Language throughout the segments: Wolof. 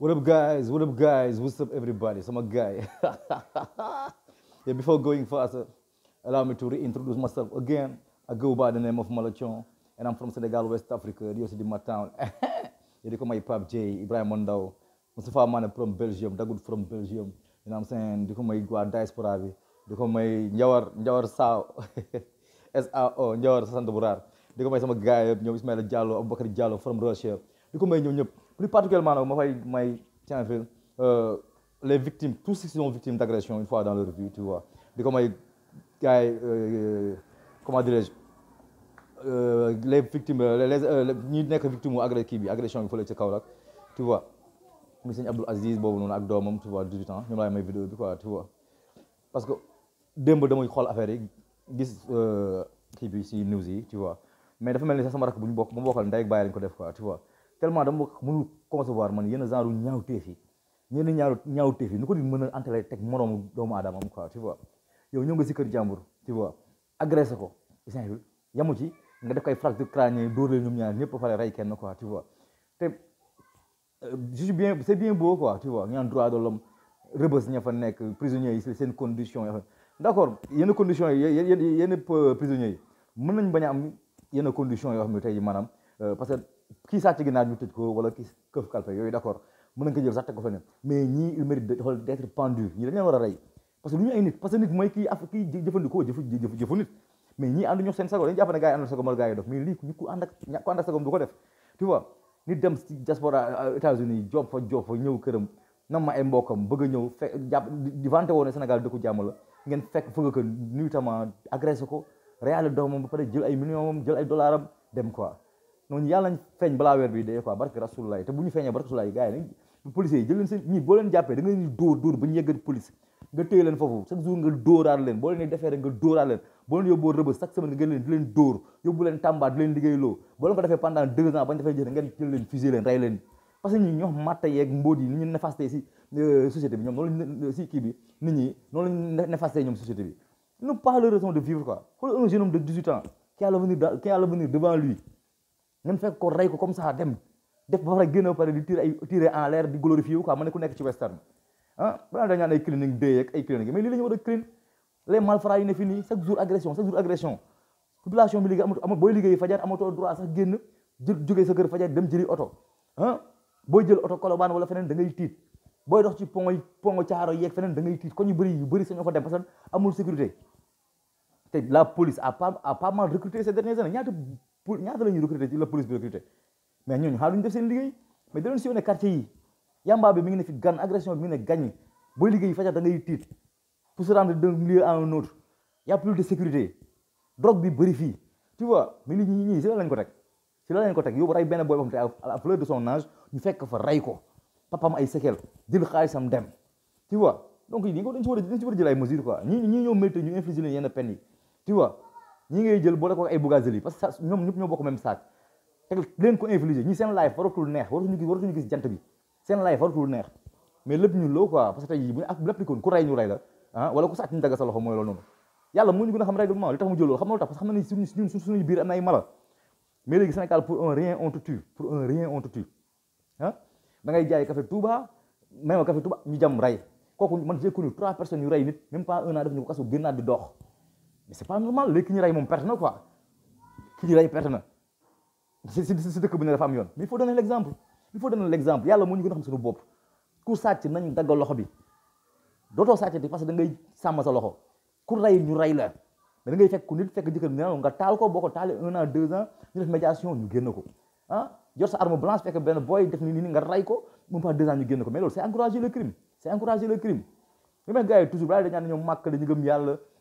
What up, guys? What up, guys? What's up, everybody? So I'm a guy. yeah, before going faster, allow me to reintroduce myself again. I go by the name of Malachon, and I'm from Senegal, West Africa, the city, my town. yeah, they call my pap J, Ibrahim Mondao, Mustafa Man from Belgium, Dagoud from Belgium. You know what I'm saying? They call my Gua Diaspora, they call my Njawar, Njawar Sao, S-A-O, Njawar Sandoburar. They call my guy, Ismail Diallo, Abubakar Diallo from Russia. They call my Nyonyop. plus particulièrement nag ma fay may euh, les victimes tous ceux qui sont victimes d'agression une fois dans leur vie tu vois di ko may gars yi euh, comment dirais-je euh, les victimes euh, les ñi nekk victimes mu agré kii bi agression bi fële ca tu vois mi sëñ Abdoul Aziz boobu noonu ak doomam tu vois 18 ans ñoom laay may vidéo bi quoi tu vois parce que démb damay xool affaire yi gis kii bi si news yi tu vois mais dafa mel ni sax sama rakk bu ñu bokk ba mu bokkal ndey ak lañ ko def quoi tu vois tellement dama mënul concevoir man yenn genre ñaaw téef yi ñenn ñaaw ñaaw téef yi nu ko nit mën a entale teg moroomu doomu aadama am quoi tu vois yow ñëw nga si kër jàmbur tu vois agressé ko isnl yamu ci nga def koy fracture crânienne dóor la ñoom ñaar ñëpp a fale rey kenn quoi tu vois te euh, je suis bien c'est bien beau quoi tu vois ñu naan droit de rëbës ña fa nekk prisonniers yi seen condition d'accord yenn conditions yi yenn euh, prisonniers yi mën nañ bañ am yenn conditions yoo xam ne tey maanaam euh, parce kii sàcc ginnaar ñu tëj ko wala kii këf kalpe yooyu d'accord mën nañ jël sax teg ko feneen mais ñii il mérite xool d'être pendu ñii dañ war a rey parce que lu ñu ay nit parce que nit mooy kii af kii jëfandikoo jëfu jëfu nit mais ku ànd ak du ko def tu vois nit dem ci diaspora euh, États-Unis job fa job fa ñëw këram nam ma ay mbokkam bëgg a ñëw fekk jàpp di vanté woon ne Sénégal dëkku jàmm la ngeen fekk fëgg ko nuitamment agressé ko réale doomam ba pare jël ay millions moom jël ay noonu yàlla nañ feeñ balaa weer bi dee quoi barke rasulullah te bu ñu feeñee barke rasulullah gars yi yi jël leen seen ñi boo leen jàppee nga leen dóor dóor ba police nga téye leen foofu chaque jour nga dóoraat leen boo leen rëbës chaque semaine nga leen leen dóor yóbbu leen tàmbaat di leen liggéeyloo boo leen ko defee pendant deux ans bañ defee jël leen fusillé leen rey leen parce que ñi ñoo matte yeeg mbóot yi si euh, société bi ñoom noonu lañ a l'avenir qui a l'avenir nan fekk ko rey ko comme ça dem def ba pare génn pare di tiré ay tiré en l'air di glorifié wu quoi ma ne ku nekk ci western ah balaa da ñaan ay cleaning day ay cleaning mais lii la war a clean les malfrats yi ne fii nii chaque jour agression chaque jour agression population bi liggéey amatu booy liggéey fajar amatoo droit sax génn jël jógee sa fajar dem jëli oto ah booy jël oto kolobaan wala feneen da ngay tiit booy dox ci pont yi pont caaro yeeg feneen da ngay tiit kon ñu bëri yu bëri sañoo fa dem parce que amul sécurité te la pour ñaata la ñuy recruter ci la police bi recruter mais ñooñu xaaruñu def seen liggéey mais da doon sillonné quartier yi yamba bi mi ngi ne fi gan agression bi mi ngi ne gàññi booy tiit pour se rendre d'un lieu à un autre y a bi bëri fii tu vois mi li ñi ñii si la lañ ko teg si la lañ ko teg yóbbu te à la fleur de son âge ñu fekk fa rey ko papam ay séquelles jël xaalisam dem tu ñi ngay jël boole ko ay Bougazelli parce que ñom ñëpp ñoo bokk même sac tek leen ko infliger ñi seen life waratul neex ñu gis ñu gis jant bi seen life waratul neex mais lepp ñu lo quoi parce que tey bu ak lepp lépp ku ray ñu ray la ah wala ku sàcc ñu dagg sa loxo mooy loolu noonu yàlla moo ñu gën a xam règlement li tax mu jël loolu xam na lu tax parce que xam na ni suñu suñu suñu biir am ay mala mais léegi Sénégal pour un rien on te tue pour un rien on te tue ah da ngay jaay café Touba même café Touba ñu jam ray kooku man j'ai connu trois personnes yu ray nit même pas un an def ñu ko kaso génnaat di dox mais c'est pas normal les qui mon quoi Qui C'est ce Mais mais il faut donner l'exemple il faut donner l'exemple ñu a xam suñu nañ daggal loxo bi parce que da ngay sa loxo ça. ñu mais da ngay ça. nit nga ko ça. an deux ans ñu ça. médiation ñu fait. ça. ah jot sa arme blanche fekk benn ça. def ni nga ko pas deux ans ñu ça. mais c'est encourager le crime c'est encourager le crime ça. gars toujours qui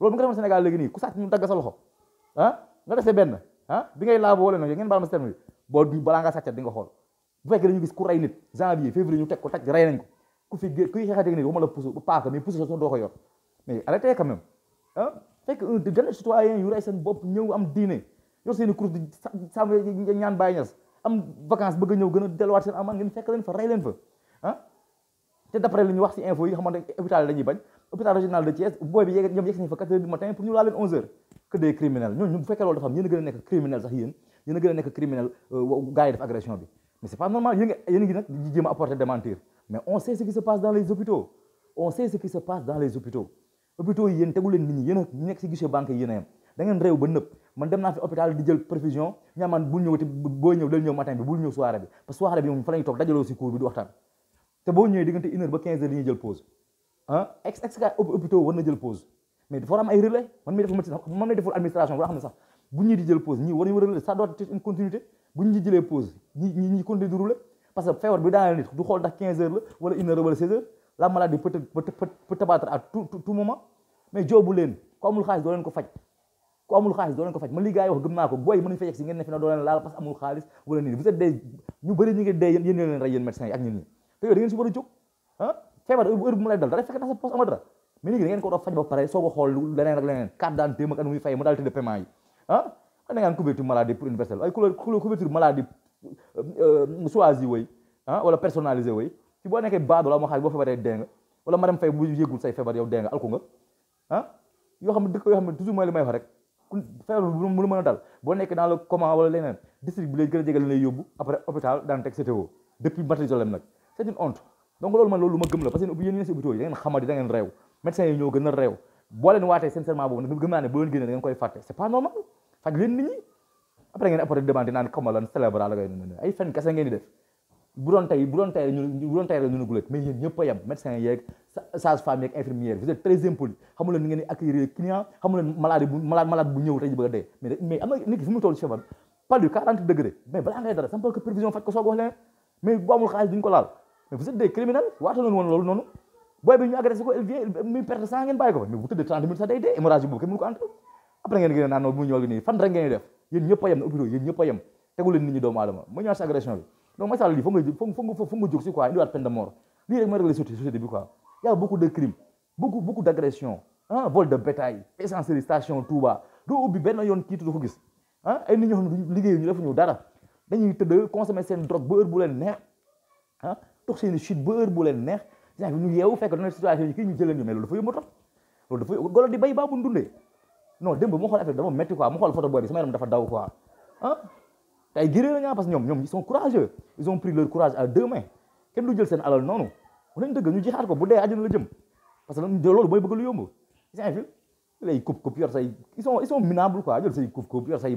loolu bi nga xamante Sénégal léegi nii ku sàcc ñu dagg sa loxo ah nga dese benn ah, bi ngay laabo wala nag ngeen baal ma terme bi boo balaa nga sàccat di nga xool bu fekkee dañu gis ku rey nit janvier février ñu teg ko taj rey nañ ko ku fi kuy xeexate nii waxuma la pousse paaka mais pousse sa ah, fekk un rey seen bopp ñëw am diine yor seen i course di ñaan bàyyi ñas am vacance bëgg a ñëw gën a delluwaat seen amaan ngeen fekk leen fa rey leen fa ah te d'après li ñu wax si info yi xamante hôpital la ñuy bañ hôpital régional de Thiès boy bi yegg ñoom yegg nañ fa 4 h du matin pour ñu la leen 11 h que des criminels ñooñu ñun bu fekkee loolu dafa am yéen a gën criminel sax yeen yéen gëna nek a nekk criminel euh, gars yi def agression bi mais c'est pas normal yeen a ngi nag di jéem a apporter démentir mais on sait ce qui se passe dans les hôpitaux on sait ce qui se passe dans les hôpitaux hôpitaux yeen yéen leen nit ñi yeen a ñu ci guichet banque yeen yéen a yem da ngeen réew ba neub man dem na fi hôpital di jël perfusion ñaman bu ñëwati bo ñëw dal ñëw matin bi bu ñëw soirée bi parce que soirée bi moom fa lañuy tok dajaloo ci cour bi di waxtaan te boo ñëwee diggante 1h ba 15h heures ñu jël pause ah ex ex cas hôpitaux war na jël pause mais dafa war am ay relais man mi deful administration bu ñii jël pause ñii war nañu relais ça doit être une continuité bu ñi jëlee pause ñi ñi parce que feebar bi daaneel nit du xool ndax 15 heures la maladie peut peut t'abattre tout moment mais joobu leen ko amul xaalis doo leen ko faj man li gars gëm naa ko booy mën nañu fa si ngeen ne fi na doo leen laal parce que amul xaalis wala nii vous êtes des ñu bëri ñu dee yéen yéen feebar heure bu mu lay dal dara fekk na sa poche amal dara mais léegi ngeen ko doon faj ba pare soo ko xool leneen ak leneen carte d'identité ak nu muy fay modalité de paiement yi ah da ngeen couverture maladie pour universelle ay couverture maladie euh, euh, choisie way ah wala personnalisé way si boo nekkee baadoo la xaaj boo feebaree dee nga wala madame Faye bu yëgul say feebar yow dee nga alku nga ah yoo xam ne dëkk yoo xam ne toujours mooy li may wax rek feebar bu lu mën wala leneen district bi a jege lay yóbbu après hôpital daan teg CTO donc loolu man loolu lu ma gëm la parce que yéen ñi ne si hôpitaux yi ngeen xamadi da ngeen réew médecins yi gën a réew boo leen waatee seen boobu nag gëm naa ngeen koy fàtte c'est pas normal faj leen nit ñi après ngeen apporté demande dara sampal ko prévision faj ko soog wax leen mais bu duñ ko laal mais vous êtes des criminels waata leen woon loolu noonu booy bi ñu agressé ko il vient muy perte sang ngeen bàyyi ko fa mais bu minutes sax day dee hémorragie boobu kenn mënu ko entre après ngeen gën noonu bu mu ñëw nii fan rek ngeen def yéen ñëpp a yem na hôpitaux yéen ñëpp a yem tegu leen nit ñi doomu aadama ma ñëwaat si agression bi donc Macky Sall lii foog nga foog si quoi indiwaat d' agressions dañuy tëdd consommer seen drogue bu leen neex tox seeni chute ba heure bu leen neex genre bi ñu yeewu fekk dana situation yi kii ñu jëleen ñu loolu dafa yomb a tot loolu di bay baa bu dundee non démb mu xool affaire dama métti quoi mu xool photo booy bi sama yaram dafa daw quoi ah te ay géré la ah jël seen alal noonu nañ dëgg ñu jixaat ko bu dee àjjana la jëm parce que loolu mooy bëgg lu yomb genre bi lay coupe coupe yor say ils sont ils sont minables quoi jël say coupe coupe yor say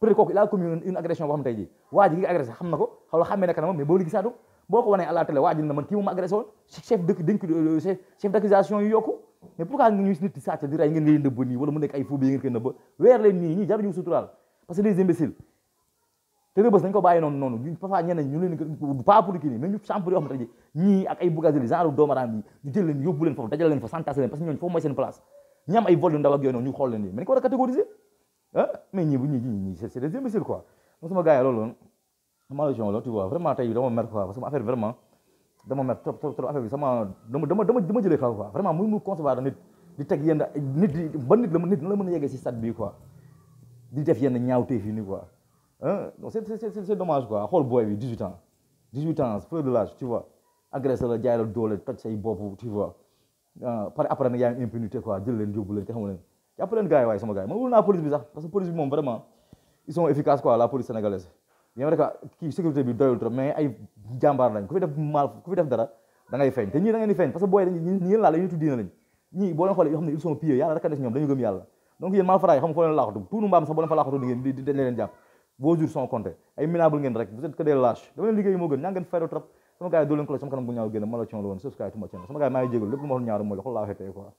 peut-être kooku il a commis une agression ko xawla xammee nekk nii wala nii ñii parce que les imbéciles te rëbës nañ ko bàyyi noonu noonu parfois ñenn ñu leen nii mais ñu chambre yoo xam ne ñii ak ay bugazeli genre doomaram yi ñu jël leen yóbbu leen foofu dajal leen fa parce que ñooñu foofu mooy seen place ñi am ay vol yu ndaw ak yooyu noonu ñu xool leen nii mais ko war a catégoriser ah mais ni ni ni ñii c'est des imbéciles quoi moom sama gars là loolu ma tu vois vraiment tey dama merde quoi parce que affaire vraiment dama mer trop trop trop affaire bi sama dama dama dama jëlee kaw quoi vraiment muy mu concevoir nit di teg yenn nit di ba nit la nit na la mën a yeggee si stade bi quoi di def yenn ñaawteef yi nii quoi Hein? Donc c'est c'est c'est dommage quoi xool boy bi 18 ans 18 ans peu de l'âge tu vois Agresser la jaay la doole toj say bopp tu vois Après ah, par après nag yaa ngi impunité quoi jël le yóbbu le te xamu jàpp leen gars waaye sama gars yi man wóolu naa police bi sax parce police bi moom vraiment ils sont efficaces quoi la police sénégalaise bien vrai sécurité bi doyul trop mais ay jàmbaar lañ ku fi def dara da feeñ te ñii da ngeen feeñ parce booy dañuy ñi ngeen laal dañuy tudd diina lañ ñii boo leen xoolee yoo xam ne ils sont pieux yàlla rek a des ñoom dañu gëm yàlla donc yéen malfrats yi xam nga foo mbaam sax boo fa laaxatu di ngeen di dañ leen jàpp la